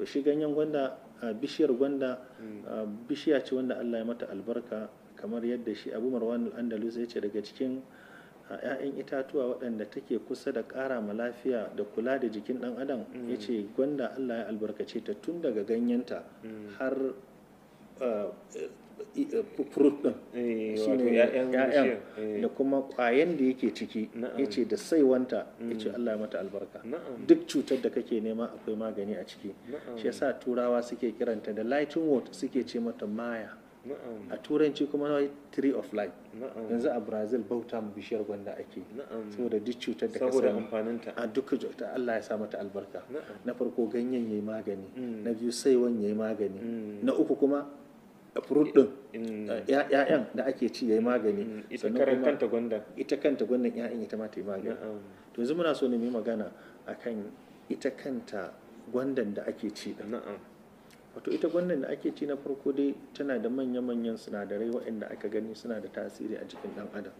to shi ganyen gwanda a bishiyar gwanda hmm. a bishiya ce wanda Allah ya mata albarka kamar yadda shi Abu Marwan al-Andalus ya ce daga cikin ‘ya'yan itatuwa waɗanda take kusa da ƙara ma lafiya da kula da jikin ɗan adam ya hmm. ce gwanda Allah ya albarkace ta tun daga ganyenta hmm. har fruit din eh, ya'yan eh. da kuma kwayan da yake ciki ya ce da saiwanta ya ce mm. Allah mata albarka duk cutar da kake nema akwai magani a ciki shi yasa turawa suke kiranta da lighting word suke ce mata maya a turanci kuma tree of life yanzu a brazil bauta mu bishiyar gwanda ake saboda duk cutar da ka saboda amfaninta a duk cutar Allah ya sa mata albarka na farko ganyen yayi magani mm. na biyu saiwan yayi magani mm. na uku kuma Furut din ya'yan da ake ci ya yi magani mm, ita kanta gwandan ya'yan ita ma ta yi magani to yanzu muna so ne mu yi magana akan ita kanta gwandan da ake ci din wato ita gwanda da ake ci na farko dai tana da manya-manyan sinadarai waɗanda aka gani suna da tasiri a jikin ɗan adam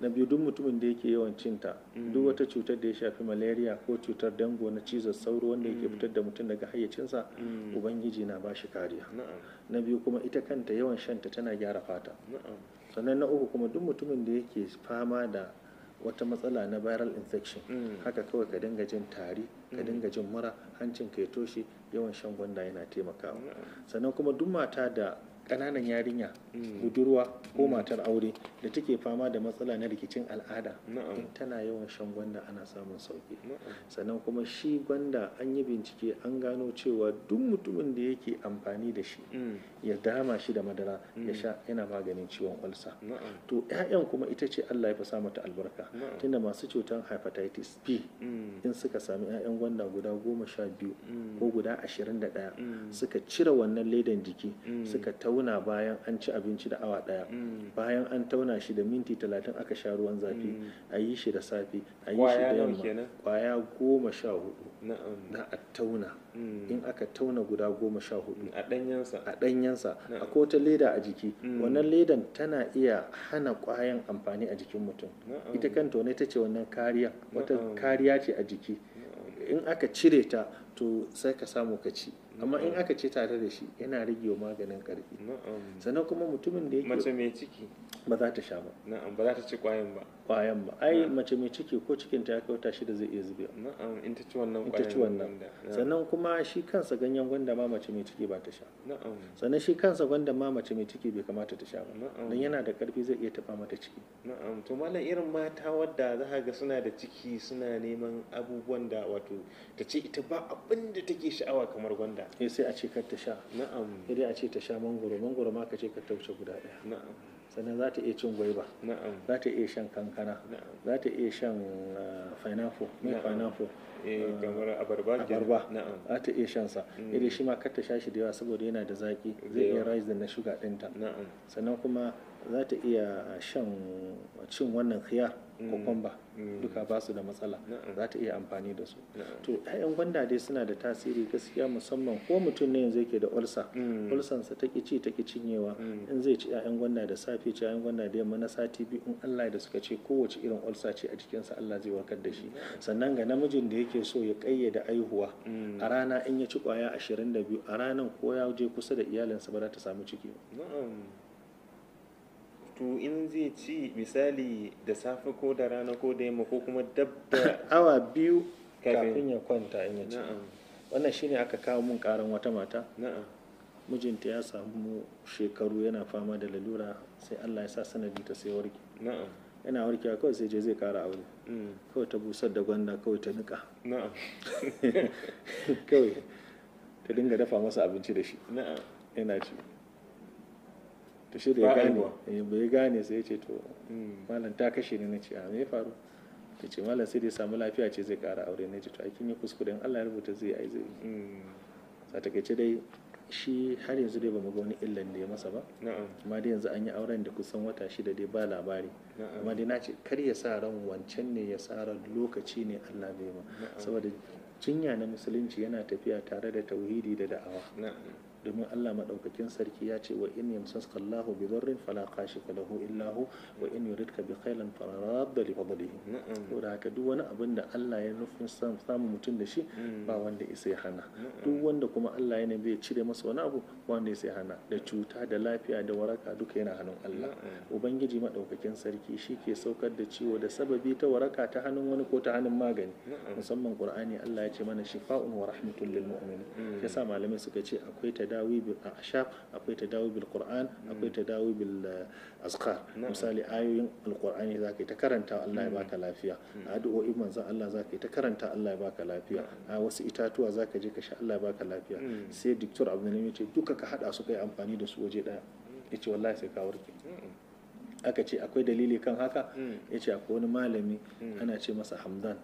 na biyu duk mutumin da yake yawan cinta mm. duk wata cutar da ya shafi malaria ko cutar dango na cizon sauro wanda yake mm. fitar da mutum daga hayyacinsa mm. ubangiji na ba shi kariya na biyu kuma ita kanta yawan shanta tana gyara fata sannan na uku kuma duk mutumin da yake fama da wata matsala na viral infection mm. haka kawai ka dinga jin tari ka mm. dinga jin mura hancin ka ya toshe yawan shan gwanda yana taimakawa mm. sannan kuma duk mata da ƙananan yarinya hmm. budurwa ko hmm. matar aure da take fama da matsala na rikicin al'ada in tana yawan shan gwanda ana samun sauki sannan kuma shi gwanda an yi bincike an gano cewa duk mutumin da yake amfani da shi hmm. ya dama shi da madara ya sha yana maganin ciwon ulsa to 'ya'yan kuma ita ce Allah ya fi sa mata albarka tunda masu cutar hepatitis B in suka sami 'ya'yan gwanda guda goma sha biyu ko guda ashirin da ɗaya suka cire wannan ledan jiki suka tauna tauna bayan an ci abinci da awa daya mm. bayan an tauna shi da minti talatin aka sha ruwan zafi mm. a yi shi da safi a yi shi da yamma kwaya goma sha hudu na a tauna mm. in aka tauna guda goma sha hudu a ɗanyensa a kota leda a jiki wannan ledan tana iya hana kwayan amfani a jikin mutum ita kanta wani ta ce wannan kariya wata kariya ce a jiki in aka cire ta to sai ka samu ka ci amma in aka ce tare da shi yana rage wa maganin karfi sannan kuma mutumin da yake mace mai ciki ba za ta sha ba na'am ba za ta ci kwayan ba kwayan ba ai mace mai ciki ko cikin ta ya kai wata shida zai iya zube na'am in ta ci wannan kwayan ta ci wannan sannan kuma shi kansa ganyen gwanda ma mace mai ciki ba ta sha na'am sannan shi kansa gwanda ma mace mai ciki bai kamata ta sha ba dan yana da karfi zai iya tafa mata ciki na'am to malam irin mata wadda za ka ga suna da ciki suna neman abubuwan da wato ta ce ita ba abin da take sha'awa kamar gwanda eh sai a ce kar ta sha na'am sai a ce ta sha mangoro mangoro ma ka ce ka wuce guda ɗaya na'am sannan za ta iya cin gwaiba za ta iya shan kankana za ta iya shan fainafo mai fainafo kamar abarba za ta iya shan sa iri mm. shi ma kar ta sha shi da yawa saboda yana da zaki zai iya rise na shuga ɗinta sannan kuma za ta iya shan cin wannan khiyar kokumba mm. mm. duka ba su da matsala za ta iya amfani da su to 'ya'yan gwanda dai suna da tasiri gaskiya musamman ko mutum ne yanzu yake da ulsa mm. ulsan sa take ci take cinyewa in zai ci 'ya'yan gwanda da safe ci 'ya'yan gwanda da yamma na sati biyu in Allah da suka ce kowace irin ulsa ce a jikin sa Allah zai warkar da shi sannan ga namijin da yake so ya da aihuwa a rana in ya ci kwaya biyu, a ranan ko ya je kusa da iyalinsa ba za ta samu ciki ba to in zai ci misali da safe ko da rana ko da yamma ko kuma dab da awa biyu kafin ya kwanta in ya ci wannan shine aka kawo mun karan wata mata mijinta ya samu shekaru yana fama da lalura sai Allah ya sa sanadi ta sai warke yana warkewa kawai sai je zai kara aure mm. kawai ta busar da gwanda kawai ta nika kawai ta dinga dafa masa abinci da shi yana ci ta shi da ya gane eh, bai gane sai ya ce to hmm. malam ta kashe ni na ce a me faru ta ce malam sai da ya samu lafiya ce zai kara aure na ce to aikin ya kuskure Allah ya rubuta zai ai zai hmm. a takaice dai shi har yanzu dai bamu ga wani illan da ya masa ba amma dai yanzu an yi auren da kusan wata shida dai ba labari amma dai na ce kar ya sa ran wancan ne ya sa ran lokaci ne Allah bai ma saboda jinya na musulunci yana tafiya tare da tauhidi da da'awa domin Allah maɗaukakin sarki ya ce wa in yamsaska Allahu bi zarrin fala kashi lahu illa hu wa in yuridka bi khairin faradda li fadlihi Ko da haka duk wani abin da Allah ya nufin samun mutum da shi mm. ba wanda isa sai hana duk wanda kuma Allah ya nabi ya cire masa wani abu wanda ya sai hana da cuta da lafiya da waraka duka yana hannun Allah ubangiji maɗaukakin sarki shi ke saukar da ciwo da sababi ta waraka ta hannun wani ko ta hannun magani musamman Qur'ani Allah ya ce mana shifa'un wa rahmatun lil mu'minin mm. yasa malamai suka ce akwai ta tadawi bil ashab akwai tadawi bil qur'an akwai hmm. tadawi bil eh, azkar misali ayoyin alqur'ani zaka yi ta karanta Allah ya baka lafiya hmm. addu'o'in manzon Allah zaka yi ta karanta Allah ya baka lafiya hmm. a wasu itatuwa zaka je ka sha Allah ya baka lafiya sai diktor ya ce duka ka hada su kai amfani da su waje daya yace wallahi sai ka warke aka ce akwai dalili kan haka yace akwai wani malami ana ce masa Hamdan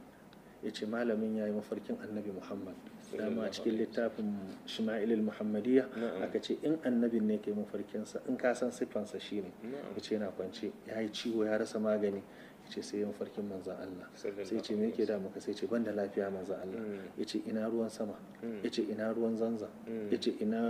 ya ce malamin ya yi mafarkin annabi muhammad dama a cikin littafin shima'ilil muhammadiyya aka ce in annabin ne ke mafarkinsa in ka san siffansa shi ne ya ce yana kwance ya yi ciwo ya rasa magani ya ce sai ya mafarkin manzan Allah sai ce me ke da maka sai ce banda lafiya manzan Allah mm. ya ce ina ruwan sama mm. ya ce ina ruwan zanza mm. ya ce ina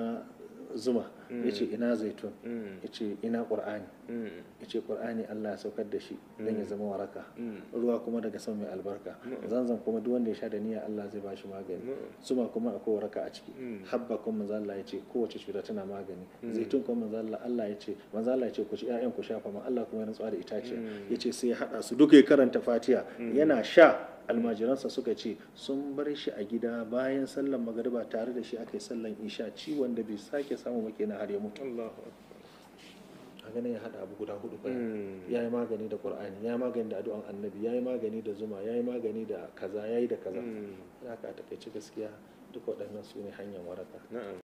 zuma mm. ya ce ina zaitun mm. ya ce ina ƙur'ani mm. ya ce ƙur'ani Allah ya saukar da shi don ya zama waraka ruwa kuma daga sama mai albarka zanzan kuma duk wanda ya sha da niyya Allah zai ba shi magani zuma kuma akwai waraka a ciki habba kuma manzo Allah ya ce kowace cuta tana magani zaitun kuma manzo Allah Allah ya ce manzo Allah ya ce ku ci ƴaƴan ku shafa ma Allah kuma ya rantsuwa da itaciya ya ce sai ya haɗa su duka ya karanta fatiha yana sha almajiransa suka ce sun bar shi a gida bayan sallan magariba tare da shi aka yi sallan isha ciwon da bai sake samu make na har ya a ganin ya hada abu guda hudu ba hmm. ya yi magani da ƙur'ani ya yi magani da addu'an annabi ya yi magani da zuma ya yi magani da kaza ya yi da kaza hmm. haka a takaici gaskiya duk waɗannan su ne hanyar waraka